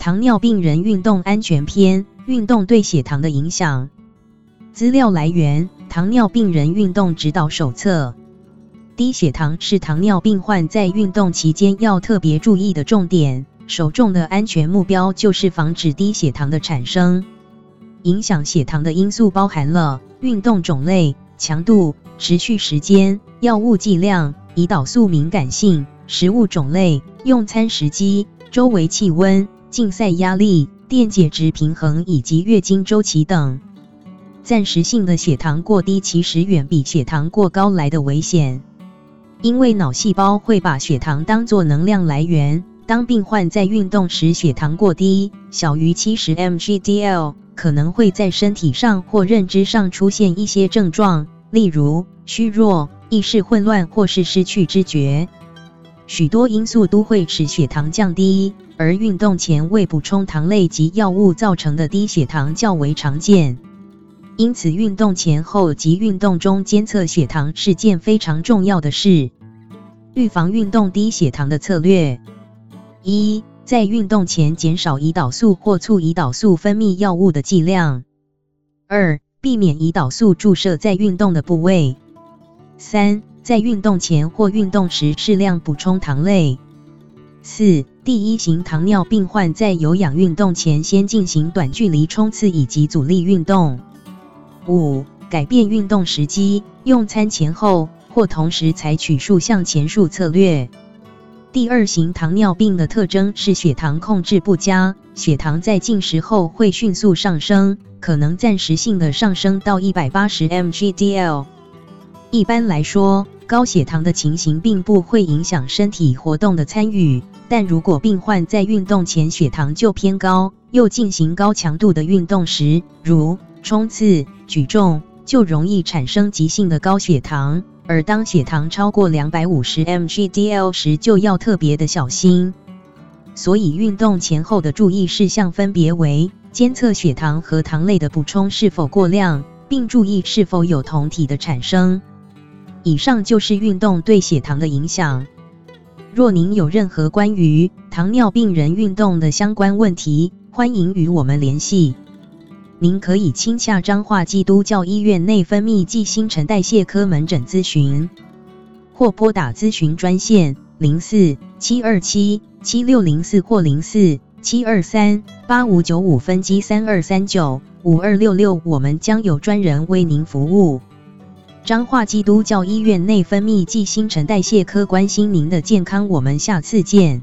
糖尿病人運動安全篇：運動對血糖的影響。資料來源：糖尿病人運動指導手冊。低血糖是糖尿病患在運動期間要特別注意的重點。首重的安全目標就是防止低血糖的產生。影響血糖的因素包含了運動種類、強度、持續時間、藥物劑量、胰島素敏感性、食物種類、用餐時機、周圍氣溫。競賽壓力、電解質平衡以及月經周期等，暫時性的血糖過低其實遠比血糖過高來得危險，因為腦細胞會把血糖當作能量來源。當病患在運動時血糖過低，小於70 mg/dl，可能會在身體上或認知上出現一些症狀，例如虛弱、意識混亂或是失去知覺。許多因素都會使血糖降低，而運動前未補充糖類及藥物造成的低血糖較為常見。因此，運動前後及運動中監測血糖是件非常重要的事。預防運動低血糖的策略：一、在運動前減少胰島素或促胰島素分泌藥物的劑量；二、避免胰島素注射在運動的部位；三、在運動前或運動時適量補充糖類。四、第一型糖尿病患在有氧運動前先進行短距離衝刺以及阻力運動。五、改變運動時機，用餐前後或同時採取數項前述策略。第二型糖尿病的特徵是血糖控制不佳，血糖在進食後會迅速上升，可能暫時性的上升到一百八十 mg/dl。一般來說，高血糖的情形，並不會影響身體活動的參與，但如果病患在運動前血糖就偏高，又進行高強度的運動時，如衝刺、舉重，就容易產生急性的高血糖，而當血糖超過兩百五十 mg/dl 時，就要特別的小心。所以，運動前後的注意事項分別為：監測血糖和糖類的補充是否過量，並注意是否有酮體的產生。以上就是運動對血糖的影響。若您有任何關於糖尿病人運動的相關問題，歡迎與我們聯繫。您可以親洽彰化基督教醫院內分泌暨新陳代謝科門診諮詢，或撥打諮詢專線零四七二七七六零四或零四七二三八五九五分機三二三九五二六六，我們將有專人為您服務。彰化基督教醫院內分泌暨新陳代謝科關心您的健康，我們下次見。